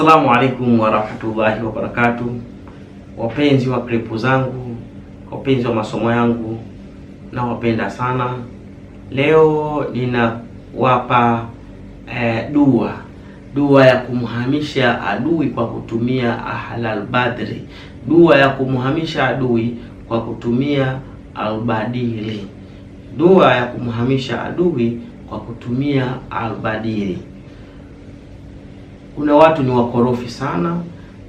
Assalamu alaikum warahmatullahi wabarakatuh, wapenzi wa klipu zangu, wapenzi wa masomo yangu, na wapenda sana. Leo ninawapa eh, dua dua ya kumhamisha adui kwa kutumia ahlalbadri, dua ya kumhamisha adui kwa kutumia albadili, dua ya kumhamisha adui kwa kutumia albadili. Kuna watu ni wakorofi sana,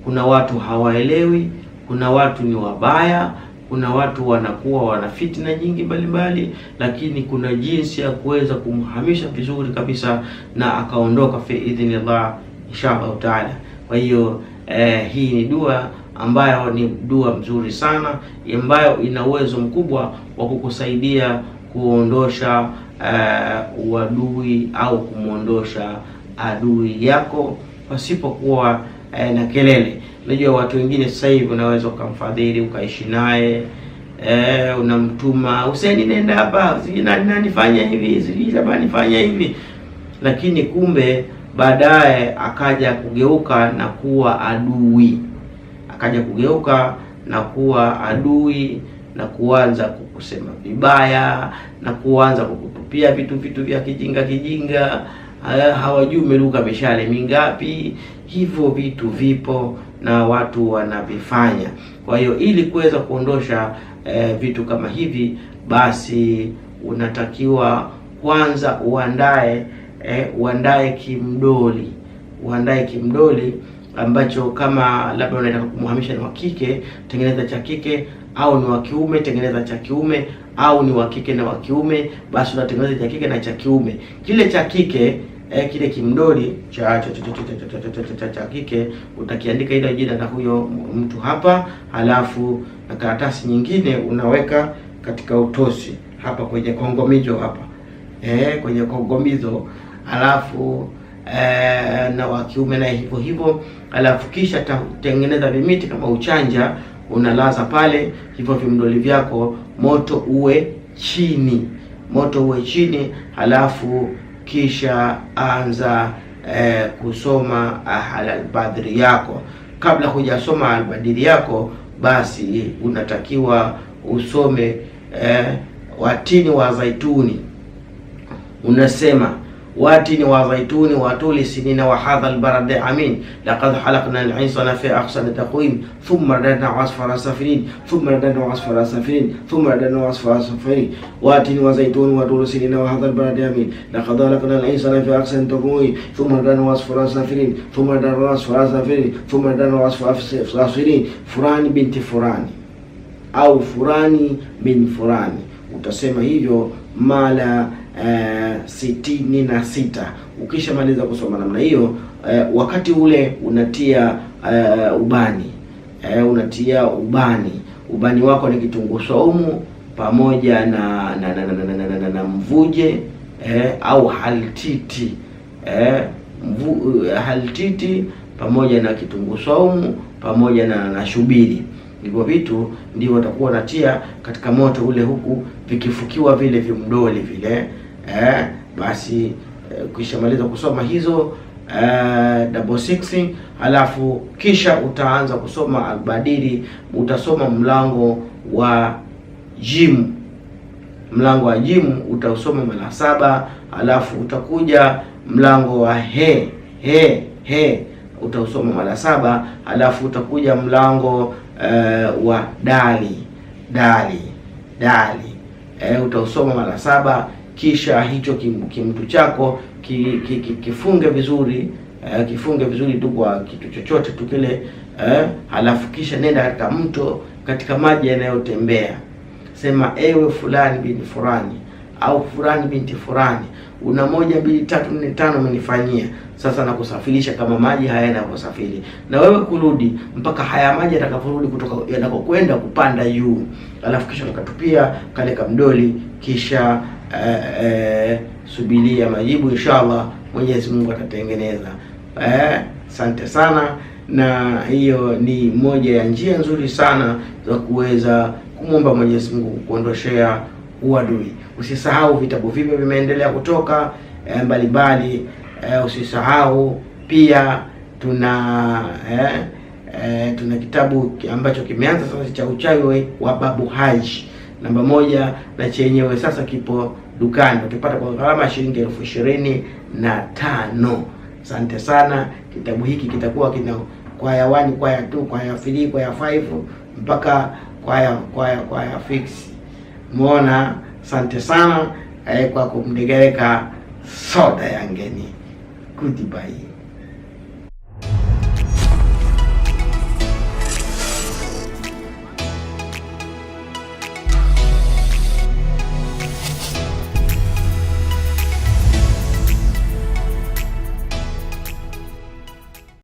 kuna watu hawaelewi, kuna watu ni wabaya, kuna watu wanakuwa wana fitina nyingi mbalimbali, lakini kuna jinsi ya kuweza kumhamisha vizuri kabisa na akaondoka fi idhnillah insha Allah taala. Kwa hiyo eh, hii ni dua ambayo ni dua mzuri sana ambayo ina uwezo mkubwa wa kukusaidia kuondosha eh, uadui au kumwondosha adui yako pasipokuwa eh, na kelele. Unajua watu wengine sasa hivi unaweza ukamfadhili ukaishi naye eh, unamtuma Huseni, nenda hapa, nani fanya hivi, sijui fanya hivi, lakini kumbe baadaye akaja kugeuka na kuwa adui, akaja kugeuka na kuwa adui na kuanza kukusema vibaya na kuanza kukutupia vitu vitu vya kijinga kijinga hawajui umeruka mishale mingapi. Hivyo vitu vipo na watu wanavifanya. Kwa hiyo ili kuweza kuondosha eh, vitu kama hivi, basi unatakiwa kwanza uandae eh, uandae kimdoli, uandae kimdoli ambacho kama labda unataka kumhamisha ni wa kike, tengeneza cha kike, au ni wa kiume, tengeneza cha kiume, au ni wa kike na wa kiume, basi unatengeneza cha kike na cha kiume. Kile cha kike eh, kile kimdoli cha cha cha cha kike utakiandika ile jina la huyo mtu hapa, halafu na karatasi nyingine unaweka katika utosi hapa kwenye kongomizo hapa eh, kwenye kongomizo halafu eh, na wa kiume na hivyo hivyo, halafu kisha tengeneza vimiti kama uchanja unalaza pale hivyo vimdoli vyako, moto uwe chini, moto uwe chini halafu kisha anza eh, kusoma alalbadri ah, yako. Kabla hujasoma albadiri yako, basi unatakiwa usome eh, watini wa zaituni unasema watini wa zaituni wa tuli sinina wa hadha albaradi amin laqad halaqna al fi ahsani taqwim thumma radadna asfara safirin thumma radadna asfara safirin thumma radadna asfara safirin watini wa zaituni wa tuli sinina wa amin laqad halaqna al fi ahsani taqwim thumma radadna asfara safirin thumma radadna asfara safirin thumma radadna asfara safirin furani binti furani au furani bin furani utasema hivyo mala Eh, sitini na sita. Ukishamaliza kusoma namna hiyo uh, wakati ule unatia uh, ubani uh, unatia ubani. Ubani wako ni kitunguu saumu pamoja na na, na, na, na, na, na, na, na mvuje uh, au haltiti uh, mvu, uh, haltiti pamoja na kitunguu saumu pamoja na, na shubiri hivyo vitu ndivyo watakuwa natia katika moto ule, huku vikifukiwa vile vimdoli vile eh, basi eh, maliza kusoma hizo eh, double six halafu kisha utaanza kusoma albadili utasoma mlango wa jimu, mlango wa jimu utausoma mara saba, alafu utakuja mlango wa he he he utausoma mara saba, alafu utakuja mlango uh, wa dali dali dali eh, utausoma mara saba kisha hicho kimtu chako ki, ki, ki, kifunge vizuri eh, kifunge vizuri tu kwa kitu chochote tu kile eh, halafu kisha nenda katika mto, katika maji yanayotembea, sema ewe fulani binti fulani au fulani binti fulani, una moja mbili tatu nne tano umenifanyia, sasa nakusafirisha kama maji haya yanavyosafiri, na wewe kurudi mpaka haya maji yatakaporudi kutoka yanakokwenda kupanda juu, alafu kisha ukatupia kale kamdoli kisha eh, eh, subiria majibu inshallah, Mwenyezi Mungu atatengeneza. Eh, asante sana. Na hiyo ni moja ya njia nzuri sana za kuweza kumwomba Mwenyezi Mungu kukuondoshea uadui. Usisahau vitabu vipya vimeendelea kutoka eh, mbalimbali eh, usisahau pia tuna eh, tuna kitabu ambacho kimeanza sasa cha uchawi wa Babu Haji namba moja, na chenyewe sasa kipo dukani utapata kwa gharama shilingi elfu ishirini na tano. Asante sana. Kitabu hiki kitakuwa kina kwaya 1, kwaya 2, kwaya 3, kwaya 5 mpaka kwaya kwaya kwaya fix. mwona asante sana kwa kumdegereka soda yangeni. Goodbye.